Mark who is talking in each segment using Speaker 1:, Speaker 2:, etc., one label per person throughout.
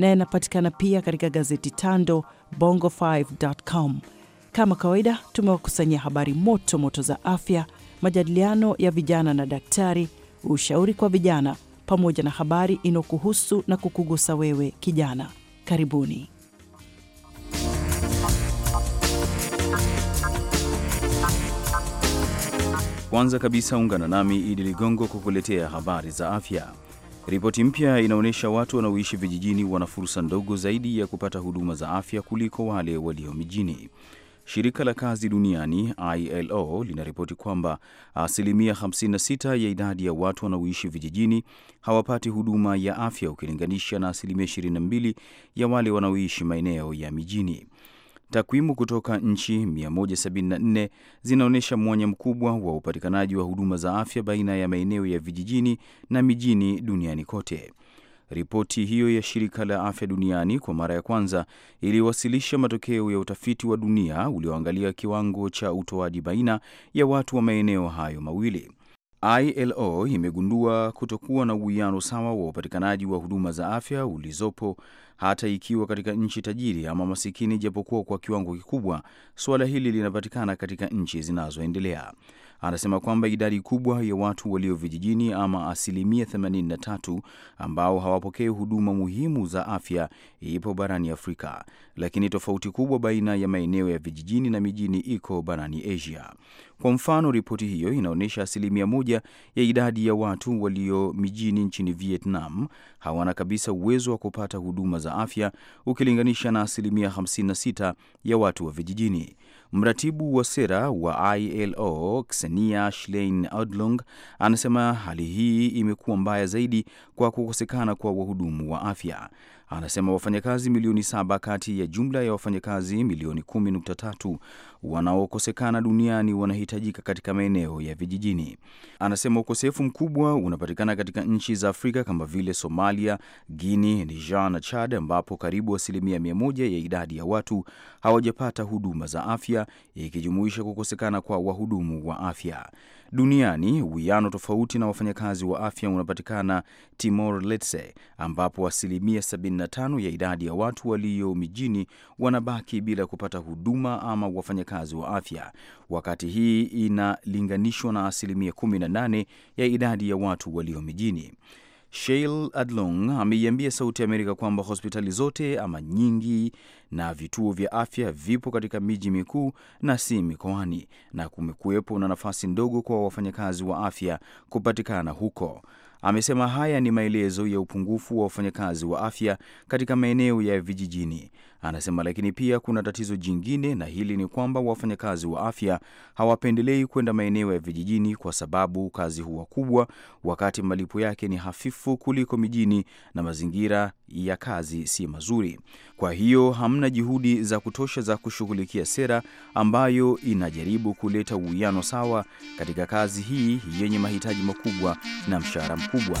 Speaker 1: na yanapatikana pia katika gazeti tando bongo5.com. Kama kawaida, tumewakusanyia habari moto moto za afya, majadiliano ya vijana na daktari, ushauri kwa vijana, pamoja na habari inayokuhusu na kukugusa wewe kijana. Karibuni.
Speaker 2: Kwanza kabisa ungana nami Idi Ligongo kukuletea habari za afya. Ripoti mpya inaonyesha watu wanaoishi vijijini wana fursa ndogo zaidi ya kupata huduma za afya kuliko wale walio mijini. Shirika la kazi duniani ILO linaripoti kwamba asilimia 56 ya idadi ya watu wanaoishi vijijini hawapati huduma ya afya ukilinganisha na asilimia 22 ya wale wanaoishi maeneo ya mijini. Takwimu kutoka nchi 174 zinaonyesha mwanya mkubwa wa upatikanaji wa huduma za afya baina ya maeneo ya vijijini na mijini duniani kote. Ripoti hiyo ya shirika la afya duniani kwa mara ya kwanza iliwasilisha matokeo ya utafiti wa dunia ulioangalia kiwango cha utoaji baina ya watu wa maeneo hayo mawili. ILO imegundua kutokuwa na uwiano sawa wa upatikanaji wa huduma za afya ulizopo hata ikiwa katika nchi tajiri ama masikini, japokuwa kwa kiwango kikubwa suala hili linapatikana katika nchi zinazoendelea. Anasema kwamba idadi kubwa ya watu walio vijijini ama asilimia 83 ambao hawapokei huduma muhimu za afya ipo barani Afrika, lakini tofauti kubwa baina ya maeneo ya vijijini na mijini iko barani Asia. Kwa mfano, ripoti hiyo inaonyesha asilimia moja ya idadi ya watu walio mijini nchini Vietnam hawana kabisa uwezo wa kupata huduma za afya ukilinganisha na asilimia 56 ya watu wa vijijini. Mratibu wa sera wa ILO Xenia Schlein Odlung anasema hali hii imekuwa mbaya zaidi kwa kukosekana kwa wahudumu wa afya anasema wafanyakazi milioni saba kati ya jumla ya wafanyakazi milioni 10.3 wanaokosekana duniani wanahitajika katika maeneo ya vijijini. Anasema ukosefu mkubwa unapatikana katika nchi za Afrika kama vile Somalia, guini Niger na Chad, ambapo karibu asilimia mia moja ya idadi ya watu hawajapata huduma za afya, ikijumuisha kukosekana kwa wahudumu wa afya. Duniani, uwiano tofauti na wafanyakazi wa afya unapatikana Timor letse ambapo asilimia 75 ya idadi ya watu walio mijini wanabaki bila kupata huduma ama wafanyakazi wa afya, wakati hii inalinganishwa na asilimia 18 ya idadi ya watu walio mijini. Sheil Adlong ameiambia Sauti ya Amerika kwamba hospitali zote ama nyingi na vituo vya afya vipo katika miji mikuu na si mikoani, na kumekuwepo na nafasi ndogo kwa wafanyakazi wa afya kupatikana huko. Amesema haya ni maelezo ya upungufu wa wafanyakazi wa afya katika maeneo ya vijijini. Anasema lakini pia kuna tatizo jingine, na hili ni kwamba wafanyakazi wa afya hawapendelei kwenda maeneo ya vijijini kwa sababu kazi huwa kubwa, wakati malipo yake ni hafifu kuliko mijini na mazingira ya kazi si mazuri. Kwa hiyo hamna juhudi za kutosha za kushughulikia sera ambayo inajaribu kuleta uwiano sawa katika kazi hii yenye mahitaji makubwa na mshahara mkubwa.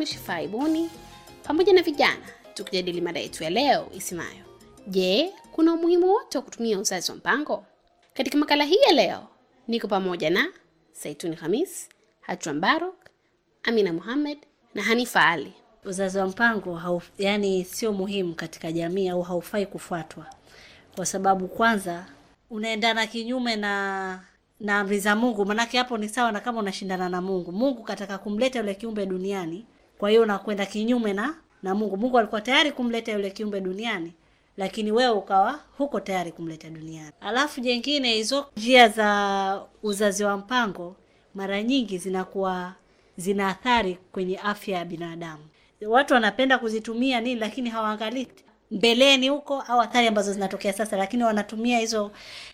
Speaker 3: nami Shifai Buni pamoja na vijana tukijadili mada yetu ya leo isemayo, je, kuna umuhimu wote wa kutumia uzazi wa mpango? Katika makala hii ya leo niko pamoja na Saituni Hamis, Hatwa Mbaruk, Amina
Speaker 4: Mohamed na Hanifa Ali. Uzazi wa mpango hau, yani sio muhimu katika jamii au haufai kufuatwa kwa sababu kwanza unaendana kinyume na na amri za Mungu. Maanake hapo ni sawa na kama unashindana na Mungu. Mungu kataka kumleta yule kiumbe duniani kwa hiyo unakwenda kinyume na na Mungu. Mungu alikuwa tayari kumleta yule kiumbe duniani, lakini wewe ukawa huko tayari kumleta duniani. Alafu jengine, hizo njia za uzazi wa mpango mara nyingi zinakuwa zina athari kwenye afya ya binadamu. Watu wanapenda kuzitumia nini, lakini hawaangalii mbeleni huko au athari ambazo zinatokea sasa, lakini wanatumia hizo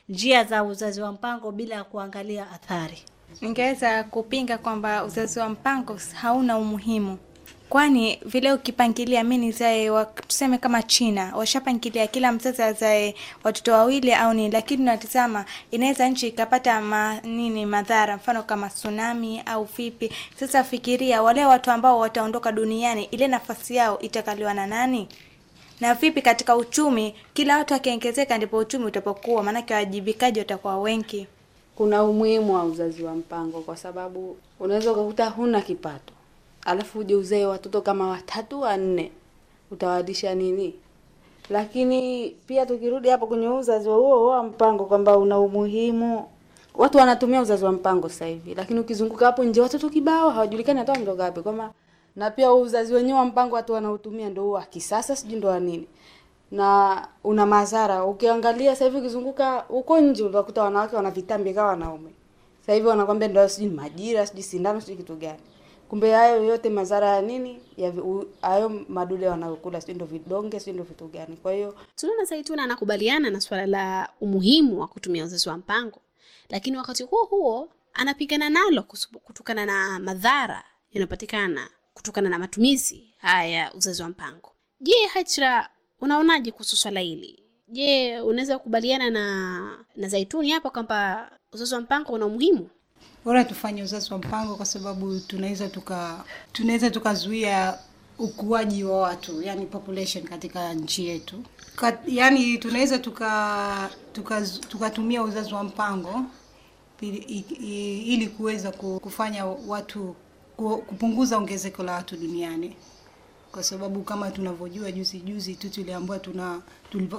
Speaker 4: njia za uzazi wa mpango bila ya kuangalia athari. Ningeweza kupinga kwamba uzazi wa mpango hauna
Speaker 5: umuhimu Kwani vile ukipangilia mi nizae tuseme kama China washapangilia kila mzazi azae watoto wawili au nini, lakini tunatizama inaweza nchi ikapata ma, nini madhara, mfano kama tsunami au vipi. Sasa fikiria wale watu ambao wataondoka duniani, ile nafasi yao itakaliwa na nani? Na vipi katika uchumi, kila watu akiengezeka ndipo uchumi utapokuwa, maanake wajibikaji watakuwa wengi.
Speaker 6: Kuna umuhimu wa uzazi wa mpango, kwa sababu unaweza ukakuta huna kipato alafu uje uzae watoto kama watatu wanne, utawadisha nini? Lakini pia tukirudi hapo kwenye uzazi wa huo wa mpango kwamba una umuhimu, watu wanatumia uzazi wa mpango sasa hivi, lakini ukizunguka hapo nje watoto kibao hawajulikani hata wametoka wapi, kwamba na pia uzazi wenyewe wa mpango watu wanautumia ndio wa kisasa, sijui ndio wa nini na una madhara. Ukiangalia sasa hivi ukizunguka huko nje utakuta wanawake wana vitambi kama wanaume. Sasa hivi wanakwambia ndio sijui majira, sijui sindano, sijui kitu gani. Kumbe hayo yote madhara ya nini ya hayo madude wanayokula, si ndo vidonge, si ndo vitu gani? Kwa hiyo tunaona saituna anakubaliana na swala la umuhimu wa kutumia uzazi wa mpango,
Speaker 3: lakini wakati huo huo anapigana nalo kutokana na madhara yanayopatikana kutokana na matumizi haya uzazi wa mpango. Je, Hajra, unaonaje kuhusu swala hili? Je, unaweza kukubaliana na na Zaituni hapa kwamba
Speaker 7: uzazi wa mpango una umuhimu? bora tufanye uzazi wa mpango kwa sababu tunaweza tuka tunaweza tukazuia ukuaji wa watu yani population katika nchi yetu Kat, yani tunaweza tuka tukatumia tuka uzazi wa mpango ili kuweza kufanya watu kupunguza ongezeko la watu duniani kwa sababu kama tunavyojua juzi juzi tu tuliambiwa tuna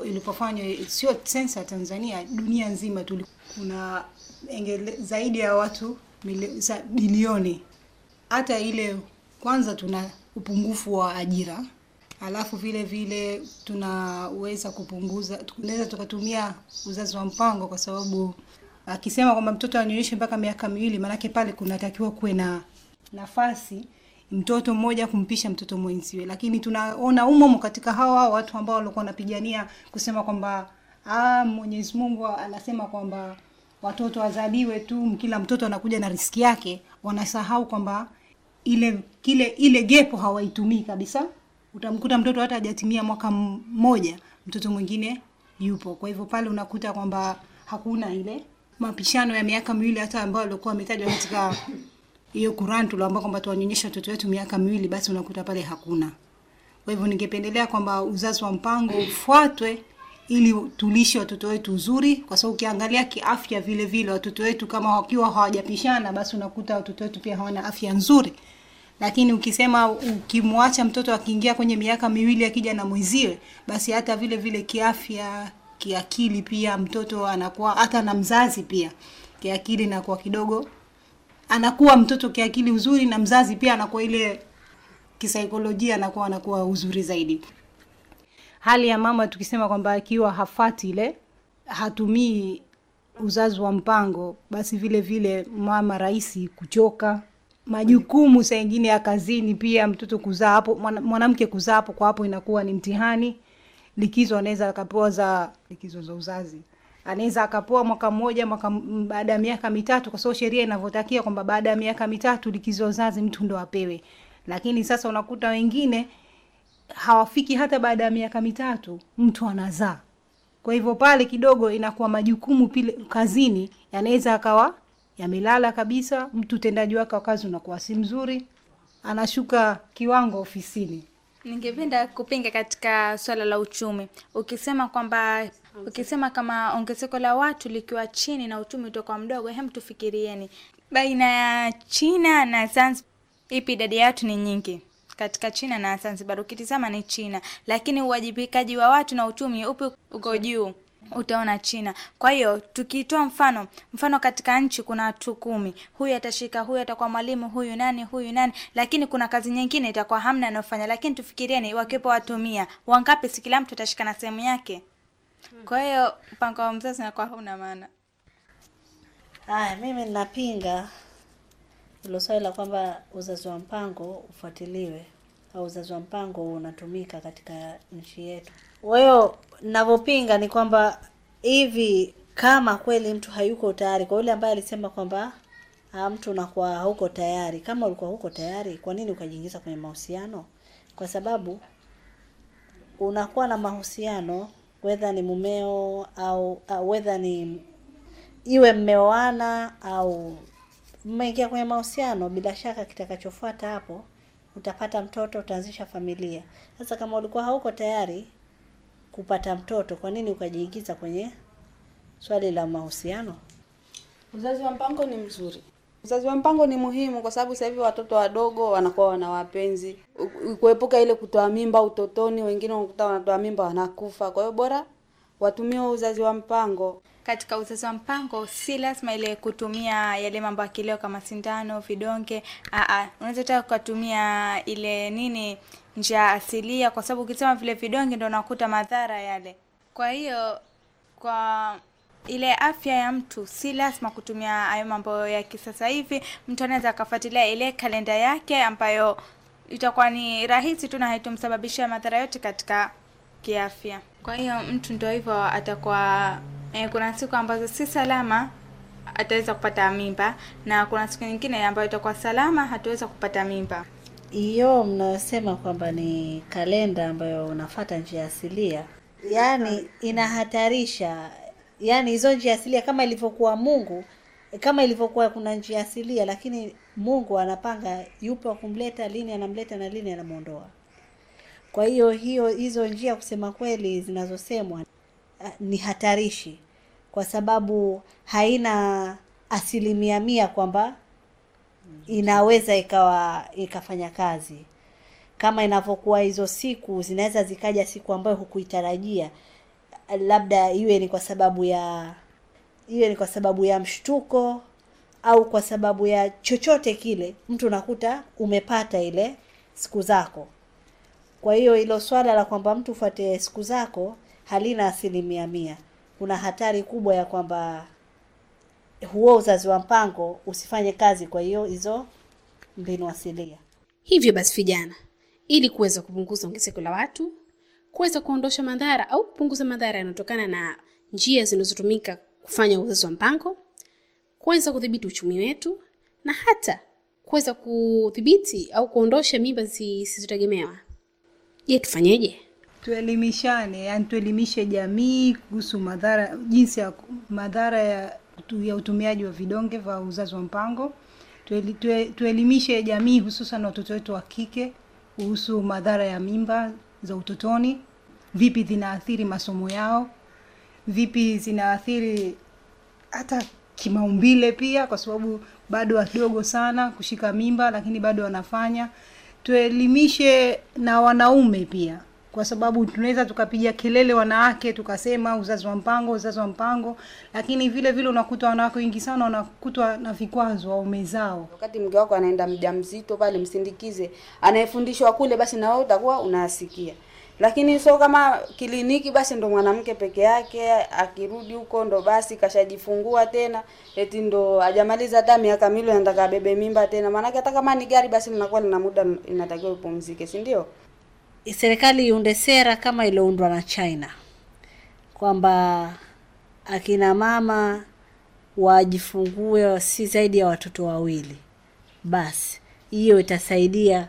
Speaker 7: ilipofanywa sio sensa Tanzania, dunia nzima tuli, kuna engele, zaidi ya watu bilioni. Hata ile kwanza, tuna upungufu wa ajira, alafu vile vile tunaweza kupunguza, tunaweza tukatumia uzazi wa mpango, kwa sababu akisema kwamba mtoto anyonyeshe mpaka miaka miwili, maanake pale kunatakiwa kuwe na nafasi mtoto mmoja kumpisha mtoto mwenziwe, lakini tunaona umomo katika hawa watu ambao walikuwa wanapigania kusema kwamba ah, Mwenyezi Mungu anasema kwamba watoto wazaliwe tu, kila mtoto anakuja na riski yake, wanasahau kwamba ile kile ile gepo hawaitumii kabisa. Utamkuta mtoto hata hajatimia mwaka mmoja, mtoto mwingine yupo. Kwa hivyo pale unakuta kwamba hakuna ile mapishano ya miaka miwili hata ambayo alikuwa ametajwa katika hiyo kurantula ambao kwamba tuwanyonyesha watoto wetu miaka miwili, basi unakuta pale hakuna. Kwa hivyo ningependelea kwamba uzazi wa mpango ufuatwe ili tulishe watoto wetu uzuri, kwa sababu ukiangalia kiafya vile vile watoto wetu kama wakiwa hawajapishana, basi unakuta watoto wetu pia hawana afya nzuri. Lakini ukisema ukimwacha mtoto akiingia kwenye miaka miwili akija na mweziwe, basi hata vile vile kiafya, kiakili pia mtoto anakuwa, hata na mzazi pia kiakili nakuwa kidogo, anakuwa mtoto kiakili uzuri, na mzazi pia anakuwa ile kisaikolojia, anakuwa anakuwa uzuri zaidi hali ya mama tukisema kwamba akiwa hafati ile hatumii uzazi wa mpango, basi vile vile mama rahisi kuchoka majukumu saa ingine ya kazini, pia mtoto kuzaa hapo, mwanamke kuzaa hapo kwa hapo inakuwa ni mtihani. Likizo anaweza akapewa za likizo za uzazi, anaweza akapoa mwaka mmoja baada ya miaka mitatu, kwa sababu sheria inavyotakia kwamba baada ya miaka mitatu likizo uzazi mtu ndo apewe, lakini sasa unakuta wengine hawafiki hata baada ya miaka mitatu mtu anazaa. Kwa hivyo pale kidogo inakuwa majukumu pile kazini yanaweza akawa yamelala kabisa, mtu utendaji wake wa kazi unakuwa si mzuri, anashuka kiwango ofisini.
Speaker 5: Ningependa kupinga katika swala la uchumi, ukisema kwamba ukisema kama ongezeko la watu likiwa chini na uchumi utakuwa mdogo. Hem, tufikirieni baina ya China na Zanzibar, ipi idadi ya watu ni nyingi? katika China na Zanzibar. Ukitizama ni China, lakini uwajibikaji wa watu na uchumi upi uko juu? Utaona China. Kwa hiyo tukitoa mfano, mfano katika nchi kuna watu kumi, huyu atashika, huyu atakuwa mwalimu, huyu nani, huyu nani, lakini kuna kazi nyingine itakuwa hamna anayofanya. Lakini tufikirieni, wakiwepo watu mia, wangapi? Si kila mtu atashika na sehemu yake. Kwa hiyo mpango wa mzazi unakuwa huna maana.
Speaker 4: Haya, mimi ninapinga hilo swali la kwamba uzazi wa mpango ufuatiliwe au uzazi wa mpango unatumika katika nchi yetu, kwa hiyo ni kwamba hivi kama kweli mtu hayuko tayari, kwa yule ambaye alisema kwamba ah, mtu unakuwa huko tayari, kama ulikuwa huko tayari, kwa nini ukajiingiza kwenye mahusiano? Kwa sababu unakuwa na mahusiano whether ni mumeo au uh, whether ni iwe mmeoana au mmeingia kwenye mahusiano, bila shaka kitakachofuata hapo utapata mtoto, utaanzisha familia. Sasa kama ulikuwa hauko tayari kupata mtoto, kwa nini ukajiingiza kwenye swali la mahusiano?
Speaker 6: Uzazi wa mpango ni mzuri, uzazi wa mpango ni muhimu kwa sababu sasa hivi watoto wadogo wanakuwa wana wapenzi, kuepuka ile kutoa mimba utotoni. Wengine wanakuta wanatoa mimba wanakufa, kwa hiyo bora watumie uzazi wa mpango.
Speaker 5: Katika uzazi wa mpango si lazima ile kutumia yale mambo ya kileo kama sindano, vidonge. Ah, ah, unaweza taka ukatumia ile nini, njia asilia, kwa sababu ukisema vile vidonge ndo unakuta madhara yale. Kwa hiyo kwa ile afya ya mtu si lazima kutumia hayo mambo ya kisasa hivi. Mtu anaweza akafuatilia ile kalenda yake ambayo itakuwa ni rahisi tu na haitumsababishia madhara yote katika kiafya. Kwa hiyo mtu ndio hivyo atakuwa eh, kuna siku ambazo si salama ataweza kupata mimba na kuna siku nyingine ambayo itakuwa salama hatuweza kupata mimba.
Speaker 4: Hiyo mnasema kwamba ni kalenda ambayo unafata njia asilia, yaani inahatarisha, yaani hizo njia asilia kama ilivyokuwa Mungu kama ilivyokuwa kuna njia asilia, lakini Mungu anapanga yupo kumleta lini, anamleta na lini anamwondoa. Kwa hiyo hiyo hizo njia kusema kweli zinazosemwa eh, ni hatarishi kwa sababu haina asilimia mia kwamba inaweza ikawa ikafanya kazi kama inavyokuwa. Hizo siku zinaweza zikaja siku ambayo hukuitarajia, labda iwe ni kwa sababu ya iwe ni kwa sababu ya mshtuko au kwa sababu ya chochote kile, mtu unakuta umepata ile siku zako. Kwa hiyo hilo swala la kwamba mtu fuate siku zako halina asilimia mia. Kuna hatari kubwa ya kwamba huo uzazi wa mpango usifanye kazi kwa hiyo hizo mbinu asilia.
Speaker 3: Hivyo basi, vijana, ili kuweza kupunguza ongezeko la watu, kuweza kuondosha madhara au kupunguza madhara yanayotokana na njia zinazotumika kufanya uzazi wa mpango, kuweza kudhibiti uchumi wetu na hata kuweza kudhibiti au kuondosha mimba zisizotegemewa
Speaker 7: Je, tufanyeje? Tuelimishane, yani tuelimishe jamii kuhusu madhara, jinsi ya madhara ya, ya utumiaji wa vidonge vya uzazi wa mpango. Tueli, tue, tuelimishe jamii hususan watoto wetu wa kike kuhusu madhara ya mimba za utotoni, vipi zinaathiri masomo yao, vipi zinaathiri hata kimaumbile pia, kwa sababu bado wadogo sana kushika mimba, lakini bado wanafanya tuelimishe na wanaume pia, kwa sababu tunaweza tukapiga kelele wanawake tukasema uzazi wa mpango, uzazi wa mpango, lakini vile vile unakuta wanawake wengi sana
Speaker 6: wanakutwa na vikwazo waume zao. Wakati mke wako anaenda mjamzito pale, msindikize, anayefundishwa kule, basi na wewe utakuwa unasikia lakini so kama kliniki basi ndo mwanamke peke yake, akirudi huko ndo basi kashajifungua tena, eti ndo ajamaliza hata miaka milo anataka abebe mimba tena. Maanake hata kama ni gari basi linakuwa lina muda
Speaker 4: inatakiwa ipumzike, si ndio? Serikali iunde sera kama iliyoundwa na China kwamba akina mama wajifungue si zaidi ya watoto wawili, basi hiyo itasaidia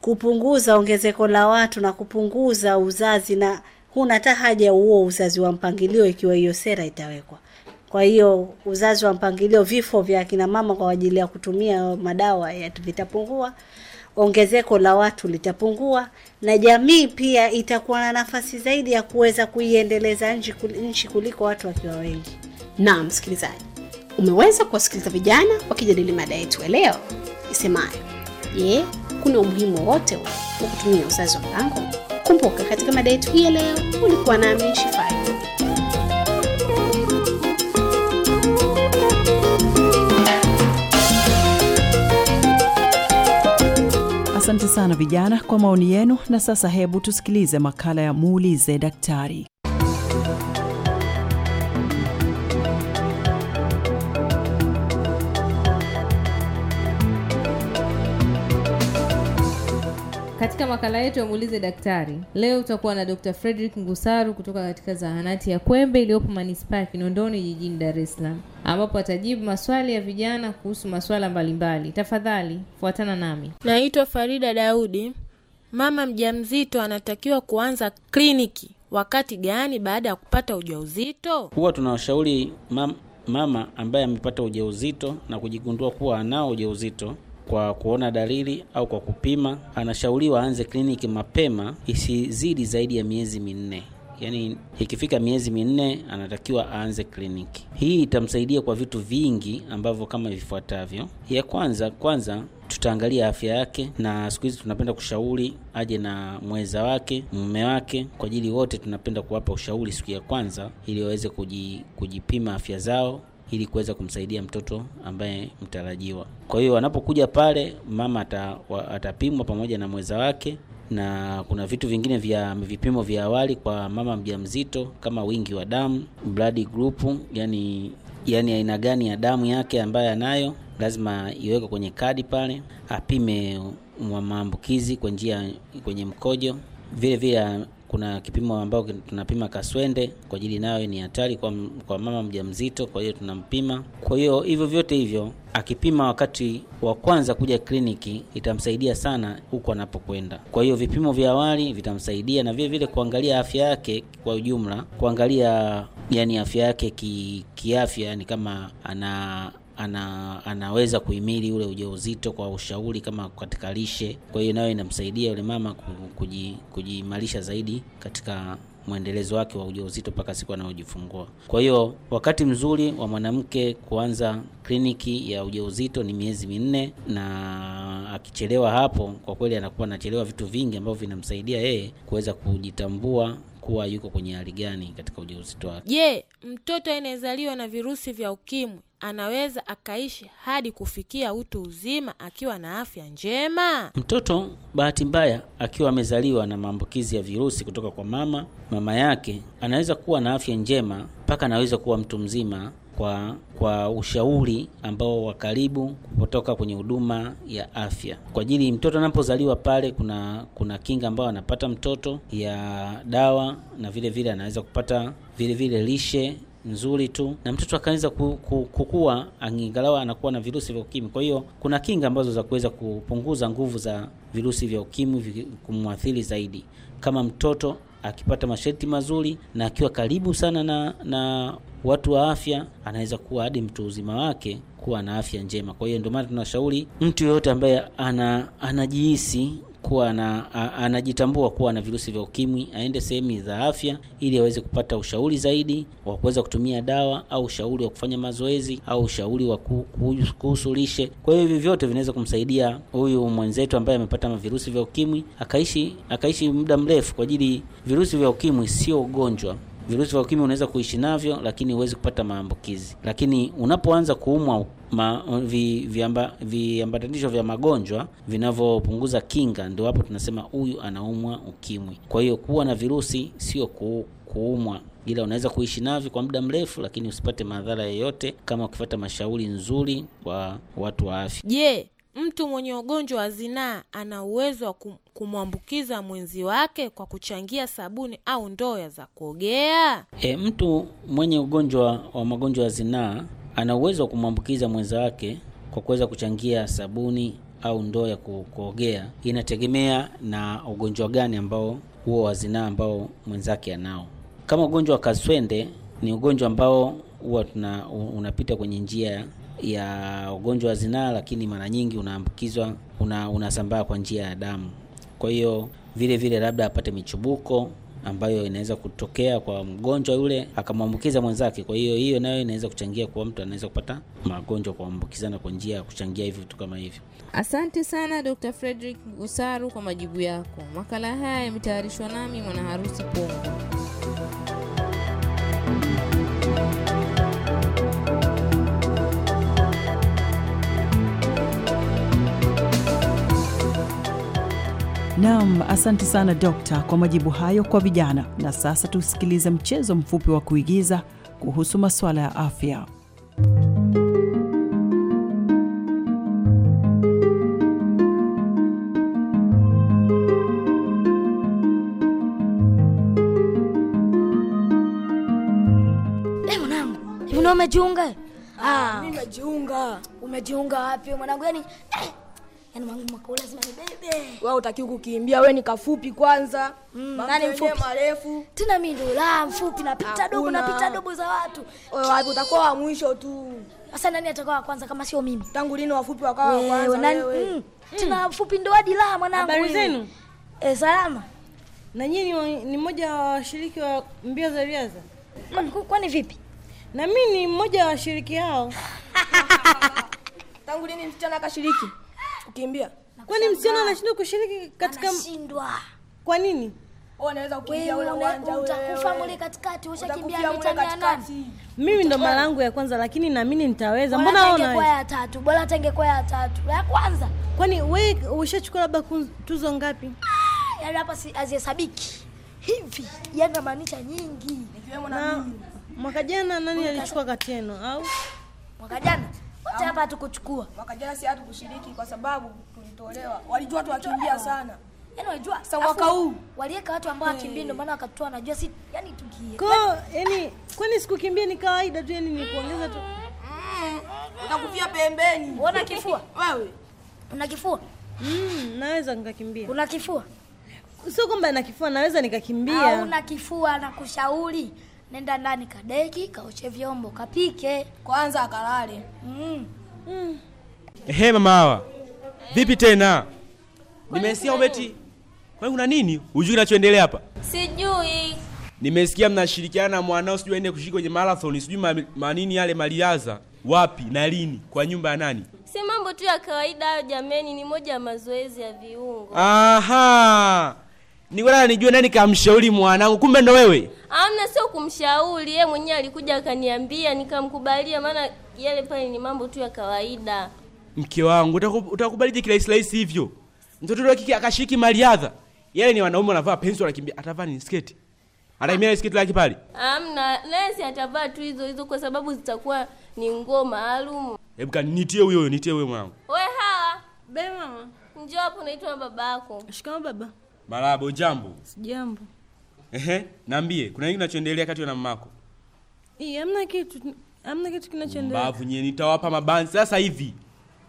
Speaker 4: kupunguza ongezeko la watu na kupunguza uzazi, na huna hata haja huo uzazi wa mpangilio ikiwa hiyo sera itawekwa. Kwa hiyo uzazi wa mpangilio, vifo vya kina mama kwa ajili ya kutumia madawa vitapungua, ongezeko la watu litapungua, na jamii pia itakuwa na nafasi zaidi ya kuweza kuiendeleza nchi kuliko watu wakiwa wengi. Naam, msikilizaji,
Speaker 3: umeweza kuwasikiliza vijana wakijadili mada yetu ya leo isemayo, je, yeah kuna umuhimu wote wa kutumia uzazi wa mpango? Kumbuka, katika mada yetu hii ya leo ulikuwa nami Shifai.
Speaker 1: Asante sana vijana kwa maoni yenu, na sasa hebu tusikilize makala ya muulize daktari.
Speaker 5: Katika makala yetu yamuulize daktari leo utakuwa na Dr. Frederick Ngusaru kutoka katika zahanati ya Kwembe iliyopo manispaa ya Kinondoni jijini Dar es Salaam, ambapo atajibu maswali ya vijana kuhusu maswala mbalimbali. Tafadhali fuatana nami.
Speaker 8: Naitwa Farida Daudi. Mama mjamzito anatakiwa kuanza kliniki wakati gani baada ya kupata ujauzito?
Speaker 9: Huwa tunawashauri mama ambaye amepata ujauzito na kujigundua kuwa anao ujauzito kwa kuona dalili au kwa kupima, anashauriwa aanze kliniki mapema, isizidi zaidi ya miezi minne. Yaani ikifika miezi minne anatakiwa aanze kliniki. Hii itamsaidia kwa vitu vingi ambavyo kama vifuatavyo. Ya kwanza kwanza tutaangalia afya yake, na siku hizi tunapenda kushauri aje na mweza wake, mume wake, kwa ajili wote tunapenda kuwapa ushauri siku ya kwanza, ili waweze kujipima afya zao ili kuweza kumsaidia mtoto ambaye mtarajiwa. Kwa hiyo wanapokuja pale, mama atapimwa pamoja na mweza wake na kuna vitu vingine vya vipimo vya awali kwa mama mjamzito kama wingi wa damu, blood group, yani yani aina gani ya damu yake ambayo anayo, lazima iwekwe kwenye kadi pale, apime maambukizi kwa njia kwenye mkojo, vile vile kuna kipimo ambao tunapima kaswende kwa ajili nayo ni hatari kwa, kwa mama mjamzito, kwa hiyo tunampima. Kwa hiyo hivyo vyote hivyo akipima wakati wa kwanza kuja kliniki itamsaidia sana huko anapokwenda. Kwa hiyo vipimo vya awali vitamsaidia na vile vile kuangalia afya yake kwa ujumla, kuangalia yani afya yake ki, kiafya yani kama ana ana, anaweza kuhimili ule ujauzito kwa ushauri kama katika lishe. Kwa hiyo nayo inamsaidia yule mama kujiimarisha zaidi katika mwendelezo wake wa ujauzito mpaka siku anayojifungua. Kwa hiyo wakati mzuri wa mwanamke kuanza kliniki ya ujauzito ni miezi minne, na akichelewa hapo, kwa kweli anakuwa anachelewa vitu vingi ambavyo vinamsaidia yeye kuweza kujitambua kuwa yuko kwenye hali gani katika ujauzito wake.
Speaker 8: Je, mtoto anayezaliwa na virusi vya ukimwi anaweza akaishi hadi kufikia utu uzima akiwa na afya njema?
Speaker 9: Mtoto bahati mbaya akiwa amezaliwa na maambukizi ya virusi kutoka kwa mama mama yake, anaweza kuwa na afya njema mpaka anaweza kuwa mtu mzima kwa, kwa ushauri ambao wa karibu kutoka kwenye huduma ya afya. Kwa ajili mtoto anapozaliwa pale kuna kuna kinga ambayo anapata mtoto ya dawa na vile vile anaweza kupata vile vile lishe nzuri tu na mtoto akaweza kukua angalau anakuwa na virusi vya ukimwi. Kwa hiyo kuna kinga ambazo za kuweza kupunguza nguvu za virusi vya ukimwi kumwathiri zaidi, kama mtoto akipata masharti mazuri na akiwa karibu sana na, na watu wa afya, anaweza kuwa hadi mtu uzima wake kuwa na afya njema. Kwa hiyo ndio maana tunashauri mtu yoyote ambaye ana anajihisi kuwa na, a, anajitambua kuwa na virusi vya ukimwi aende sehemu za afya ili aweze kupata ushauri zaidi wa kuweza kutumia dawa au ushauri wa kufanya mazoezi au ushauri wa kuhusu lishe. Kwa hiyo hivi vyote vinaweza kumsaidia huyu mwenzetu ambaye amepata virusi vya ukimwi akaishi akaishi muda mrefu, kwa ajili virusi vya ukimwi sio ugonjwa virusi vya ukimwi unaweza kuishi navyo, lakini huwezi kupata maambukizi. Lakini unapoanza kuumwa ma, vi, viamba, viambatanisho vya magonjwa vinavyopunguza kinga, ndio hapo tunasema huyu anaumwa ukimwi. Kwa hiyo kuwa na virusi sio ku, kuumwa ila unaweza kuishi navyo kwa muda mrefu, lakini usipate madhara yoyote kama ukifuata mashauri nzuri kwa watu wa afya.
Speaker 8: Je, yeah mtu mwenye ugonjwa wa zinaa ana uwezo wa kumwambukiza mwenzi wake kwa kuchangia sabuni au ndoo za
Speaker 9: kuogea? E, mtu mwenye ugonjwa wa magonjwa ya zinaa ana uwezo wa kumwambukiza mwenza wake kwa kuweza kuchangia sabuni au ndoo ya kuogea. Inategemea na ugonjwa gani ambao huo wa zinaa ambao mwenzake anao. Kama ugonjwa wa kaswende ni ugonjwa ambao huwa tuna unapita kwenye njia ya ugonjwa wa zinaa, lakini mara nyingi unaambukizwa, una, unasambaa kwa njia ya damu. Kwa hiyo vile vile labda apate michubuko ambayo inaweza kutokea kwa mgonjwa yule akamwambukiza mwenzake. Kwa hiyo hiyo nayo inaweza kuchangia kuwa mtu anaweza kupata magonjwa kuambukizana kwa njia ya kuchangia hivyo vitu kama hivyo.
Speaker 6: Asante sana Dr. Frederick Gusaru kwa majibu yako. Makala haya yametayarishwa nami mwana harusi Pongo.
Speaker 1: Nam, asante sana dokta kwa majibu hayo kwa vijana. Na sasa tusikilize mchezo mfupi wa kuigiza kuhusu masuala ya afya.
Speaker 10: Eh, mwanangu, Ah, umejiunga? Umejiunga wapi mwanangu? Yani eh, yani mwangu mwaka lazima nibebe. Wewe utaki kukimbia, wewe ni kafupi kwanza. Mm, nani mfupi? Marefu. Tena mimi ndo la mfupi napita dobo napita dobo za watu. Wewe wapi utakuwa wa mwisho tu. Sasa nani atakuwa wa kwanza kama sio mimi? Tangu lini wafupi wakawa wa kwanza nani? wewe? Mm, hmm. tena wafupi ndo hadi la mwanangu. Habari zenu? Eh, salama. Na nyinyi ni mmoja wa washiriki wa mbio za riadha? Mm, kwani vipi? Na mimi ni mmoja wa washiriki hao. Tangu lini msichana akashiriki? kukimbia. Kwani msichana anashindwa kushiriki katika? Anashindwa. Kwa nini? Oh, mimi ndo oh. mara yangu ya kwanza, lakini naamini nitaweza. Mbona ya tatu bora tenge kwa ya tatu ya kwanza. Kwani wewe ushachukua labda tuzo ngapi? Ah, yani hapa si azihesabiki. hivi, yani namaanisha nyingi. Nikiwemo na mimi. Mwaka jana nani alichukua kati yenu au mwaka jana wote hapa hatukuchukua. Mwaka jana si hatukushiriki kwa sababu tulitolewa, walijua tuwakimbia sana. Yaani unajua sasa mwaka huu waliweka watu ambao wakimbia ndio maana wakatoa najua si yani tukie. Kwa yani kwani sikukimbia ni kawaida tu yani ni kuongeza tu. Unakufia pembeni. Unaona kifua? Wewe. Una kifua? Mm, naweza nikakimbia. Una kifua? Sio kwamba na kifua, naweza nikakimbia. Au una kifua na kushauri nenda ndani kadeki, kaoche vyombo, kapike kwanza, akalale. mm. mm.
Speaker 11: Ehe, mama hawa vipi tena? Nimesikia ubeti, Kwa hiyo kuna nini? Hujui kinachoendelea hapa?
Speaker 8: Sijui.
Speaker 11: Nimesikia mnashirikiana na mwanao, sijui aende kushiriki kwenye marathon, sijui manini yale maliaza, wapi na lini, kwa nyumba ya nani?
Speaker 8: Si mambo tu ya kawaida hayo jameni, ni moja ya mazoezi ya viungo.
Speaker 11: Aha. Nilikuwa nijue nani kamshauri mwanangu, kumbe ndo wewe.
Speaker 8: Amna, sio kumshauri, yeye mwenyewe alikuja akaniambia nikamkubalia, maana yale pale ni mambo tu ya kawaida.
Speaker 11: Mke wangu, utakubalije kirahisi rahisi hivyo? Mtoto wa kike akashiki maliadha. Yale ni wanaume wanavaa penzi, wanakimbia, atavaa ni sketi. Anaimia sketi lake pale.
Speaker 8: Amna, lesi atavaa tu hizo hizo kwa sababu zitakuwa ni nguo maalum.
Speaker 11: Hebu kanitie huyo, nitie wewe mwanangu.
Speaker 8: Wewe hawa. Be mama. Njoo hapo naitwa babako.
Speaker 10: Shikamoo baba.
Speaker 11: Barabo, jambo. Sijambo. Ehe, niambie, kuna nini kinachoendelea kati na mamako?
Speaker 10: Ee, hamna kitu. Hamna kitu kinachoendelea.
Speaker 11: Mbavu nyenye nitawapa mabansi sasa hivi.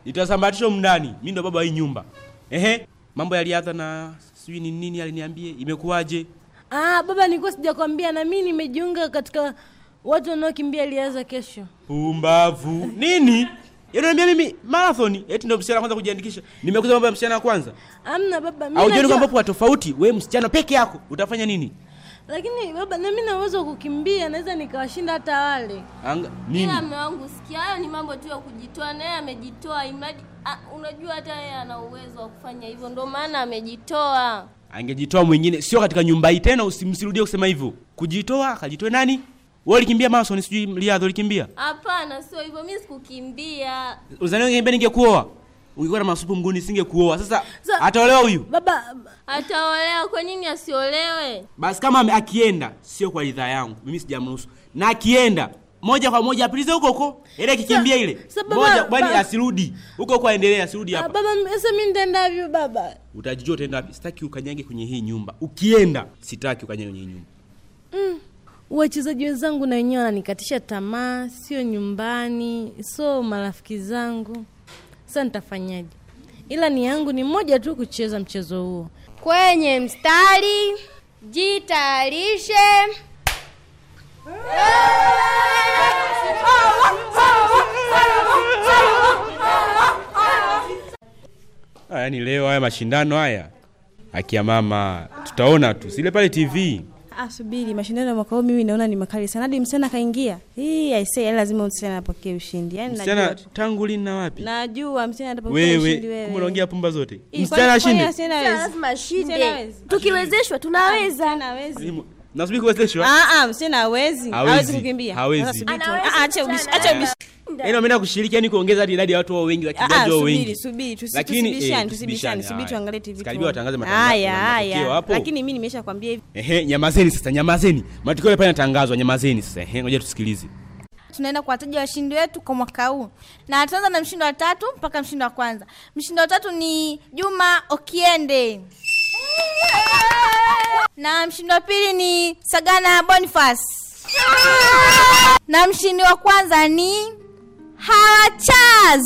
Speaker 11: Nitasambatisha mndani. Mimi ndo baba hii nyumba. Ehe, mambo riadha na sijui ni nini aliniambie, imekuwaje?
Speaker 10: Ah, baba nilikuwa sijakwambia na mimi nimejiunga katika watu wanaokimbia riadha kesho.
Speaker 11: Pumbavu. Nini? Yanaambia mimi marathon eti ndio msichana kwanza kujiandikisha. Nimekuza mambo ya msichana wa kwanza.
Speaker 10: Amna baba, mimi. Haujui kwamba
Speaker 11: kwa tofauti wewe msichana peke yako utafanya nini?
Speaker 10: Lakini baba, na mimi naweza kukimbia, naweza nikawashinda hata wale.
Speaker 11: Anga nini? Mimi wangu
Speaker 10: sikia, hayo ni mambo tu ya
Speaker 8: kujitoa, naye amejitoa imradi. Ah, unajua hata yeye ana uwezo wa kufanya hivyo, ndio maana amejitoa.
Speaker 11: Angejitoa mwingine, sio katika nyumba hii tena. Usimsirudie kusema hivyo. Kujitoa akajitoe nani? Wewe ulikimbia Mason, sijui Riadha ulikimbia?
Speaker 8: Hapana, sio hivyo, mimi sikukimbia.
Speaker 11: Uzani ungeniambia ningekuoa. Ungekuwa na masupu mguni singekuoa. Sasa so, ataolewa huyu?
Speaker 8: Baba ataolewa, kwa nini asiolewe?
Speaker 11: Basi kama akienda sio kwa ridhaa yangu. Mimi sijamruhusu. Na akienda moja kwa moja apilize huko huko. Ile kikimbia ile. So, baba, moja bali asirudi. Huko huko aendelee asirudi hapa.
Speaker 10: Ah, baba sasa mimi nitaenda hivyo baba?
Speaker 11: Utajijua utaenda wapi? Sitaki ukanyage kwenye hii nyumba. Ukienda sitaki ukanyage kwenye hii nyumba.
Speaker 10: Mm wachezaji wenzangu na wenyewe wananikatisha tamaa, sio nyumbani, so marafiki zangu. Sasa nitafanyaje? Ila ni yangu ni moja tu kucheza mchezo huo. Kwenye mstari, jitayarishe.
Speaker 11: Yaani leo haya mashindano haya, akia mama, tutaona tu, sile pale TV
Speaker 4: asubiri mashindano ya mwaka huu mimi naona ni makali sana. Hadi msichana kaingia. Hii aisee yaani lazima msichana apokee ushindi. yani najua. Msichana
Speaker 11: tangu lini na wapi?
Speaker 4: Najua msichana atapokea ushindi wewe. unaongea
Speaker 11: pumba zote. Msichana ashinde.
Speaker 10: Lazima ashinde. Tukiwezeshwa tunaweza. Tunaweza.
Speaker 11: Ah, na subiri kwa station. Ah
Speaker 10: ah,
Speaker 8: msichana hawezi. Hawezi kukimbia. Hawezi. Ah, acha ubishi. Acha ubishi.
Speaker 11: Yaani wameenda kushiriki ni yaani kuongeza idadi ya watu wao wengi wakimbiaji ah, ah, wao wengi. Subiri, subiri. Eh, tusibishane, tusibishane. Subiri tuangalie TV. Karibia watangaze matangazo. Haya, haya. Lakini
Speaker 3: mimi nimesha nimeshakwambia hivi.
Speaker 11: Ehe, nyamazeni sasa, nyamazeni. Matukio pale yanatangazwa, nyamazeni sasa. Ehe, ngoja tusikilize.
Speaker 5: Tunaenda kuwataja washindi wetu kwa mwaka huu, na tutaanza na mshindi wa tatu mpaka mshindi wa kwanza. Mshindi wa tatu ni Juma Okiende na mshindi wa pili ni Sagana Boniface na mshindi wa kwanza ni Harachaz.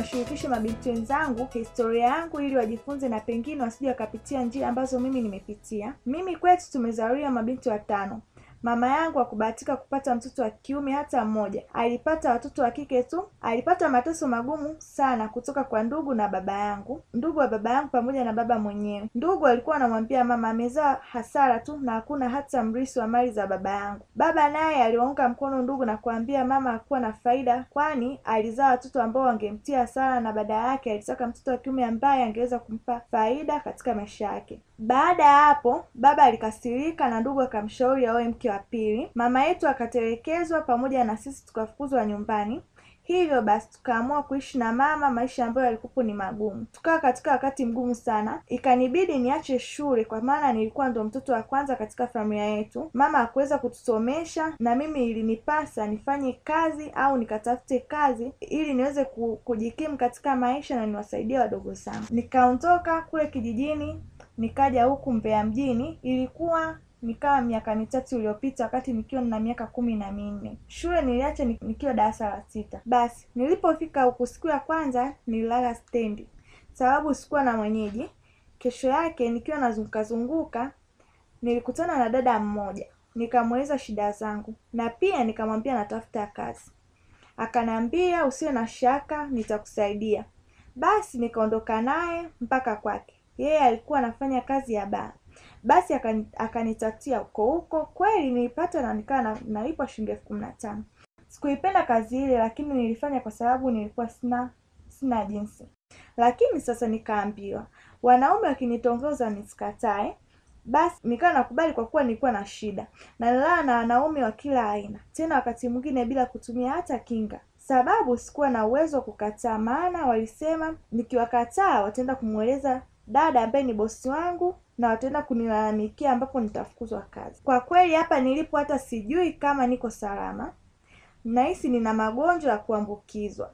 Speaker 12: niwashirikishe mabinti wenzangu historia yangu ili wajifunze na pengine wasija wakapitia njia ambazo mimi nimepitia. Mimi kwetu tumezaliwa mabinti watano, Mama yangu hakubahatika kupata mtoto wa kiume hata mmoja, alipata watoto wa kike tu. Alipata mateso magumu sana kutoka kwa ndugu na baba yangu, ndugu wa baba yangu pamoja na baba mwenyewe. Ndugu alikuwa anamwambia mama amezaa hasara tu na hakuna hata mrisi wa mali za baba yangu. Baba naye aliwaunga mkono ndugu na kuambia mama hakuwa na faida, kwani alizaa watoto ambao wangemtia hasara, na baada yake alitaka mtoto wa kiume ambaye angeweza kumpa faida katika maisha yake. Baada ya hapo baba alikasirika na ndugu akamshauri aoe mke wa pili. Mama yetu akatelekezwa pamoja na sisi tukafukuzwa nyumbani. Hivyo basi tukaamua kuishi na mama, maisha ambayo yalikuwa ni magumu. Tukawa katika wakati mgumu sana, ikanibidi niache shule kwa maana nilikuwa ndo mtoto wa kwanza katika familia yetu. Mama hakuweza kutusomesha na mimi ilinipasa nifanye kazi au nikatafute kazi ili niweze kujikimu katika maisha na niwasaidie wadogo zangu. Nikaondoka kule kijijini nikaja huku Mbeya mjini ilikuwa nikawa miaka mitatu iliyopita wakati nikiwa na miaka kumi na minne. Shule niliacha nikiwa darasa la sita. Basi nilipofika huku siku ya kwanza nililala stendi, sababu sikuwa na mwenyeji. Kesho yake nikiwa nazungukazunguka nilikutana na dada mmoja, nikamweleza shida zangu na pia nikamwambia natafuta kazi. akanaambia usiwe na shaka, nitakusaidia. Basi nikaondoka naye mpaka kwake yeye alikuwa anafanya kazi ya baa basi akanitatia huko huko kweli nilipata na nikaa nalipwa shilingi elfu kumi na tano sikuipenda kazi ile lakini nilifanya kwa sababu nilikuwa sina sina jinsi lakini sasa nikaambiwa wanaume wakinitongoza nisikatae basi nikawa nakubali kwa kuwa nilikuwa na shida nalala na wanaume wa kila aina tena wakati mwingine bila kutumia hata kinga sababu sikuwa na uwezo wa kukataa maana walisema nikiwakataa wataenda kumweleza dada ambaye ni bosi wangu na wataenda kunilalamikia ambapo nitafukuzwa kazi. Kwa kweli hapa nilipo hata sijui kama niko salama, nahisi nina magonjwa ya kuambukizwa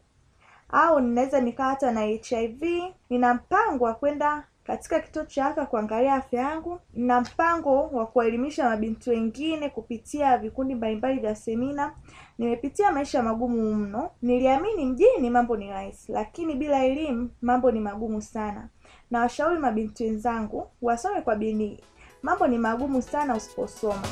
Speaker 12: au ninaweza nikaa hata na HIV. Nina mpango wa kwenda katika kituo cha afya kuangalia afya yangu. Nina mpango wa kuwaelimisha mabinti wengine kupitia vikundi mbalimbali vya semina. Nimepitia maisha magumu mno. Niliamini mjini mambo ni rahisi, lakini bila elimu mambo ni magumu sana na washauri mabinti wenzangu wasome kwa bidii. Mambo ni magumu sana usiposoma.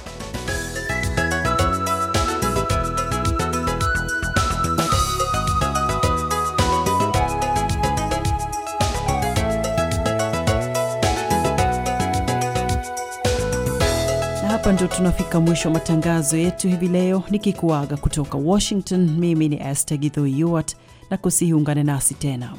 Speaker 1: ndio tunafika mwisho wa matangazo yetu hivi leo, nikikuaga kutoka Washington. Mimi ni este Githo Yuart, na kusihi ungane nasi tena.